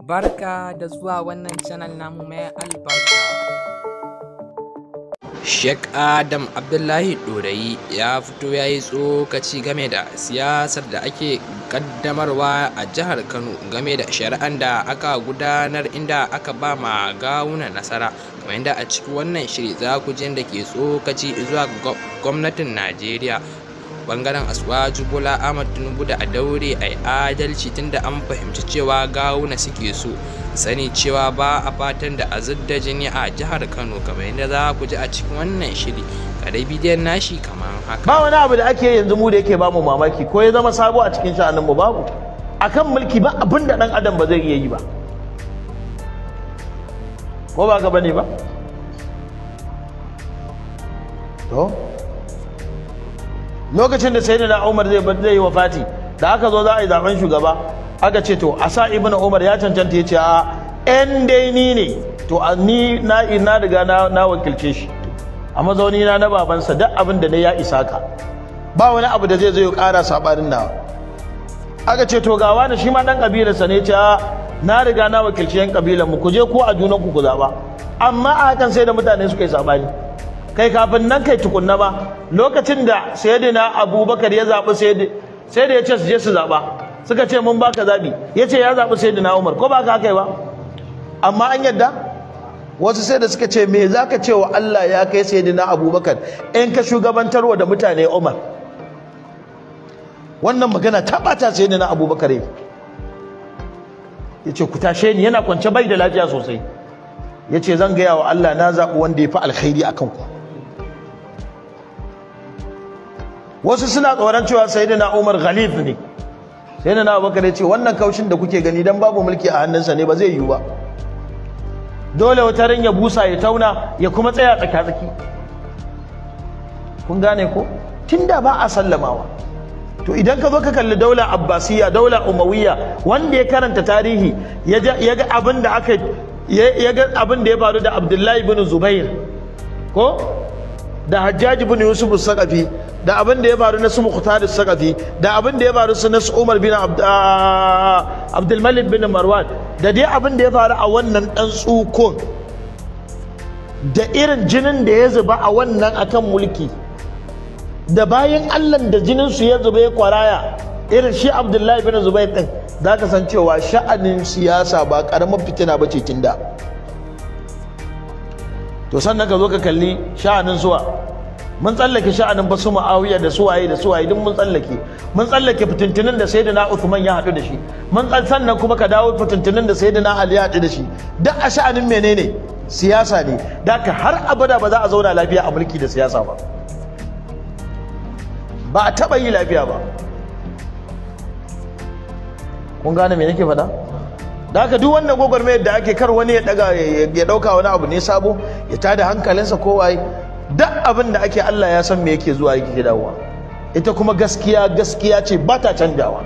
Barka da zuwa wannan channel namu mai albarka. Sheikh Adam Abdullahi Ɗorayi ya fito ya yi tsokaci game da siyasar da ake kaddamarwa a jihar Kano game da shari'an da aka gudanar inda aka ba ma gawuna nasara Kuma yadda a cikin wannan shiri za ku da ke tsokaci zuwa gwamnatin Najeriya bangaren aswaju bola ahmad tinubu da a daure a adalci tunda an fahimci cewa gawuna suke so sani cewa ba a fatan da a jini a jihar kano kamar yadda za ku ji a cikin wannan shiri kadai bidiyon nashi kamar haka ba wani abu da ake yanzu mu da yake ba mu mamaki ko ya zama sabo a cikin sha'anin mu babu akan mulki ba abin da dan adam ba zai iya yi ba ko ba ka bane ba to lokacin da sayyidina Umar zai zai yi Fati da aka zo za a yi zaben shugaba aka ce to a sa Umar ya cancanta ya ce a ɗan dai ne to ni na ina riga na wakilce shi a mazauni na na babansa duk abin da ne ya isa ka ba wani abu da zai zo ya ƙara sabarin na. aka ce to gawa na shi ma dan kabilarsa ne ce na riga na wakilci yan kabilar mu ku je ko a junan ku ku zaba amma a hakan sai da mutane suka yi sabani kai kafin nan kai tukunna ba lokacin da sayyidina abubakar ya zaɓi sayyidi sai da ya ce su je su zaɓa suka ce mun baka zaɓi ya ce ya zaɓi sayyidina umar ko ba ka kai ba amma an yadda wasu sai da suka ce me za ka ce wa allah ya kai sayyidina abubakar in ka shugabantarwa da mutane umar wannan magana ta ɓata sayyidina abubakar ya ce ku tashe ni yana kwance bai da lafiya sosai ya ce zan gaya wa allah na zaɓi wanda ya fi alkhairi a kanku wasu suna tsoron cewa sayyidina Umar ghalif ne sayyidina Abubakar ya ce wannan kaushin da kuke gani dan babu mulki a hannunsa ne ba zai yiwu ba dole wata ran ya busa ya tauna ya kuma tsaya tsakatsaki kun gane ko tunda ba a sallamawa to idan ka zo ka kalli daula abbasiya daula umawiyya wanda ya karanta tarihi ya abin da ya ga abin da ya faru da abdullahi bin zubair ko da hajjaji bin yusuf sakafi da abin da ya faru na su mukhtar sakafi da abin da ya faru su na su umar bin abdulmalik bin marwan da dai abin da ya faru a wannan dan tsukon da irin jinin da ya zuba a wannan akan mulki da bayan allan da jinin su ya zuba ya kwaraya irin shi abdullahi bin zubair din ka san cewa sha'anin siyasa ba karamar fitina ba ce kin da to sannan ka zo ka kalli sha'anin suwa mun tsallake sha'anin basu su ma'awiya da suwaye da suwaye duk mun tsallake mun tsallake fitintinin da na Uthman ya haɗu da shi mun sannan kuma ka dawo fitintinin da na Ali ya haɗu da shi duk a sha'anin menene siyasa ne da ka har abada ba za a zauna lafiya a mulki da siyasa ba ba a taɓa yi lafiya ba kun gane me nake faɗa da haka duk wannan gwagwarmayar da ake kar wani ya daga ya dauka wani abu ne sabo ya tada hankalinsa kowaye duk abin da ake Allah ya san me yake zuwa yake dawowa ita kuma gaskiya gaskiya ce ba ta canjawa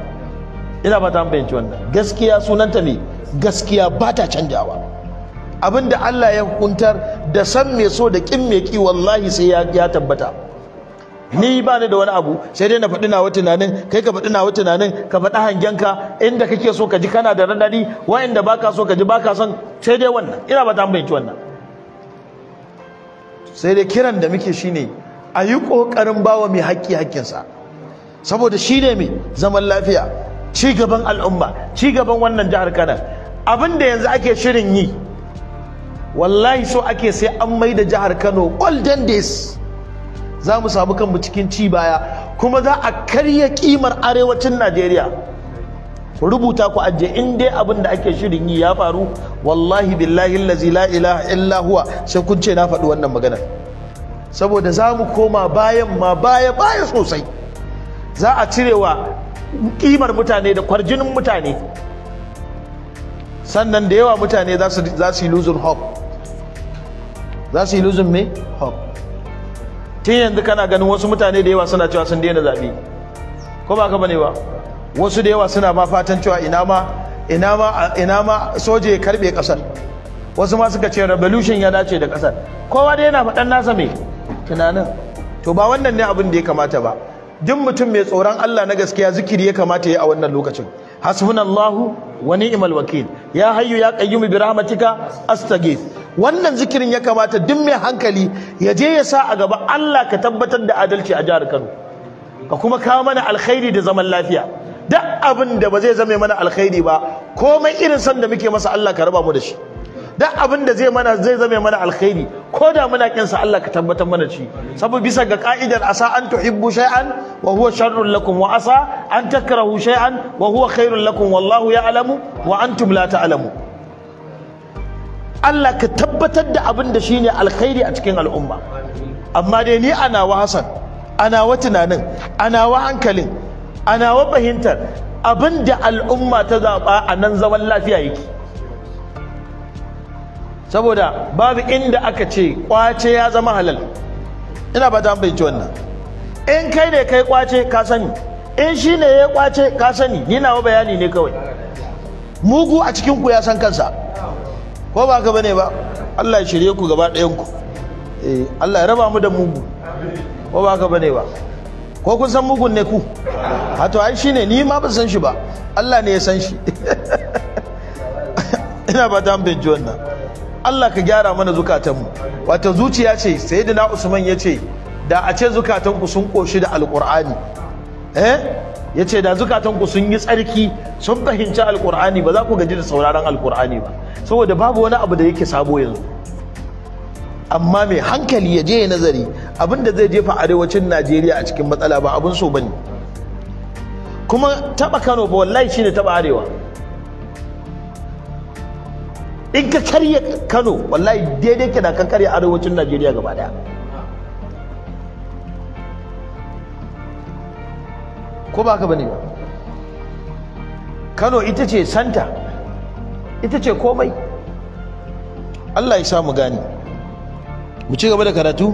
ina ba ta fahimci wannan gaskiya sunanta ne gaskiya ba ta canjawa abin da Allah ya hukuntar da san me so da kin me ki wallahi sai ya tabbata ni ba ni da wani abu sai dai na faɗi nawa tunanin kai ka faɗi nawa tunanin ka faɗi ka inda kake so ka ji kana da raɗaɗi wa'inda baka so ka ji baka son sai dai wannan ina ba ta ki wannan sai dai kiran da muke shine a yi ƙoƙarin bawa mai haƙƙi haƙƙinsa saboda shi ne mai zaman lafiya ci gaban al'umma ci gaban wannan jihar Kano abin da yanzu ake shirin yi wallahi so ake sai an mai da jihar Kano golden days za mu samu kanmu cikin ci baya kuma za a karya kimar arewacin najeriya rubuta ku ajiye in dai abin da ake shirin yi ya faru wallahi billahi lazi la ilaha illa huwa sai kun ce na faɗi wannan maganar saboda za mu koma bayan ma baya baya sosai za a cirewa kimar mutane da kwarjinin mutane sannan da yawa mutane za su yi losing hope za su losing me hope tun yanzu kana ganin wasu mutane da yawa suna cewa sun daina zaɓe ko ba ka bane ba wasu da yawa suna ma fatan cewa ina ma ina soje ya karbe kasar wasu ma suka ce revolution ya dace da ƙasar. kowa dai yana faɗan nasa me tunanin to ba wannan ne abin da ya kamata ba duk mutum mai tsoron Allah na gaskiya zikiri ya kamata ya a wannan lokacin hasbunallahu wa ni'mal wakil ya hayyu ya qayyum bi rahmatika astaghith wannan zikirin ya kamata duk mai hankali ya je ya sa a gaba Allah ka tabbatar da adalci a jihar Kano ka kuma kawo mana alkhairi da zaman lafiya duk abin da ba zai zame mana alkhairi ba komai irin san da muke masa Allah ka raba mu da shi duk abin da zai mana zai zame mana alkhairi ko da muna kin sa Allah ka tabbatar mana shi saboda bisa ga ka'idar asa an tuhibbu shay'an wa huwa sharrun lakum wa asa an takrahu shay'an wa huwa khairun lakum wallahu ya'lamu wa antum la ta'lamu Allah ka tabbatar da abin da shine alkhairi a cikin al'umma amma dai ni ana wa Hassan ana wa tunanin ana wa hankalin ana wa fahimtar abin da al'umma ta zaɓa a nan zaman lafiya yake saboda babu inda aka ce kwace ya zama halal ina ba ta bai wannan in kai ne kai kwace ka sani in shi ne ya kwace ka sani ni na wa bayani ne kawai mugu a cikin ku ya san kansa ko ba ka bane ba Allah ya shirye ku gaba ɗayan ku eh Allah ya raba mu da mugu ko ba ka bane ba ko kun san mugun ne ku ha to ai shine ni ma ban san shi ba Allah ne ya san shi ina ba dan bin wannan Allah ka gyara mana mu. wato zuciya ce sayyidina Usman ya ce da a ce ku sun koshi da alqur'ani eh ya ce da zukatanku sun yi tsarki sun fahimci alkur'ani ba za ku gaji da sauraron alkur'ani ba saboda babu wani abu da yake sabo yanzu amma mai hankali ya je nazari abin da zai jefa arewacin najeriya a cikin matsala ba abin so bane kuma taba kano ba wallahi shine taba arewa in ka karya kano wallahi daidai kana kan karya arewacin najeriya gaba daya ko ba ka bane ba Kano ita ce santa ita ce komai Allah ya samu gani mu ci gaba da karatu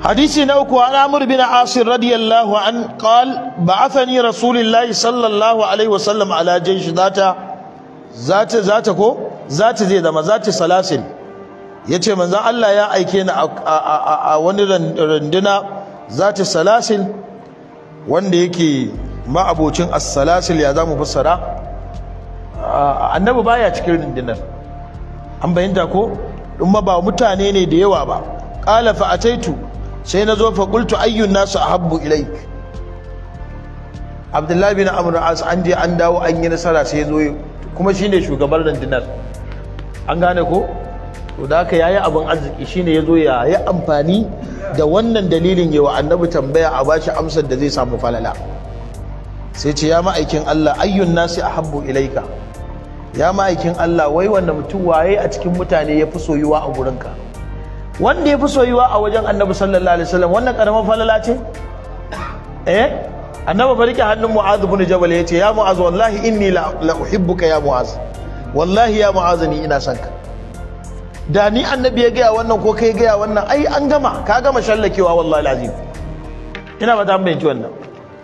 حديث نوكو عن عمرو بن عاص رضي الله عنه قال بعثني رسول الله صلى الله عليه وسلم على جيش ذات ذات ذات كو ذات زي دما ذات سلاسل yace manzan Allah ya aike ni a wani randuna zata salasin. wanda yake ma'abocin abocin salasil ya zamu fassara annabi baya cikin rundunar an bayyanta ko ma ba mutane ne da yawa ba qala fa ataitu sai zo fa qultu ayyun nasu ahabbu ilaik abdullahi bin amr as an je an dawo an yi nasara sai zo kuma shine shugaban rundunar an gane ko to da haka yayi abin arziki shine yazo ya yi amfani da wannan dalilin yawa annabi tambaya a bashi amsar da zai samu falala sai ce ya ma'aikin Allah ayyun nasi ahabbu ilaika ya ma'aikin Allah wai wanda mutum waye a cikin mutane ya fi soyuwa a gurinka wanda ya fi soyuwa a wajen annabi sallallahu alaihi wasallam wannan karamar falala ce eh annabi barika hannun mu'adh ibn jabal yace ya mu'adh wallahi inni la, uhibbuka ya mu'adh wallahi ya mu'adh ni ina son ka da ni annabi ya gaya wannan ko kai gaya wannan ai an gama ka gama shallakewa wallahi lazim ina ba ta wannan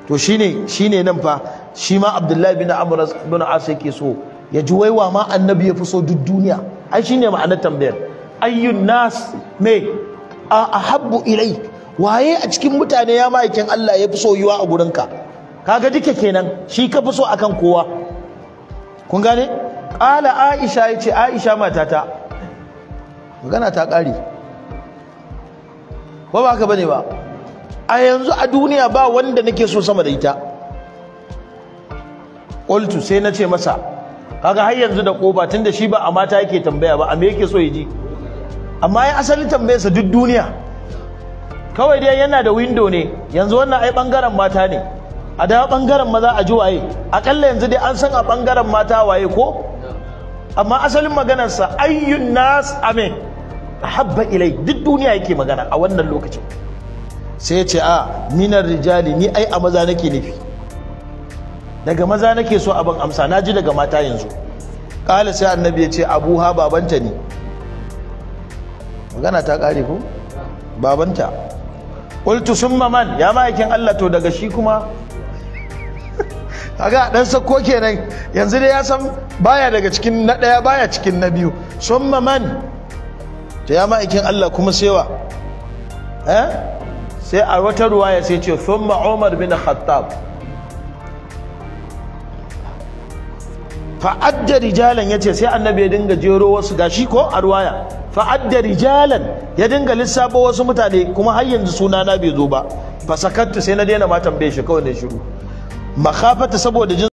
to shine shine nan fa shi ma abdullahi bin amr bin as yake so ya ji waiwa ma annabi ya fi so duk duniya ai shine ma'anar tambayar ayyun nas me a ahabbu ilai waye a cikin mutane ya ma'aikin Allah ya fi so yiwa a gurinka kaga duka kenan shi ka fi so akan kowa kun gane qala aisha yace aisha matata magana ta ƙare ba ba ka bane ba a yanzu a duniya ba wanda nake so sama da ita ƙultu sai na ce masa kaga har yanzu da ƙoba tun da shi ba a mata yake tambaya ba a me yake so ya ji amma ya asali tambayarsa duk duniya kawai dai yana da windo ne yanzu wannan ai ɓangaren mata ne a da ɓangaren maza a ji waye aƙalla yanzu dai an san a ɓangaren mata waye ko amma asalin maganarsa ayyun nas amin habba ilai duk duniya yake magana a wannan lokacin sai ya ce a minar rijali ni ai a maza nake nufi daga maza nake so abin amsa na ji daga mata yanzu ƙala sai annabi ya ce abu ha babanta ne magana ta kare ko babanta ƙultu sun maman ya ma'aikin allah to daga shi kuma kaga dan sako kenan yanzu dai ya san baya daga cikin na daya baya cikin na biyu summa man to ya ma'aikin Allah kuma sewa eh sai a wata ruwaya sai ce summa Umar bin Khattab fa'adda rijalan ya ce sai annabi ya dinga jero wasu gashi ko a ruwaya fa'adda rijalan ya dinga lissafo wasu mutane kuma har yanzu sunana bai zo ba fa sai na daina matan tambaye shi kawai ne shiru مخافة سبوة دجن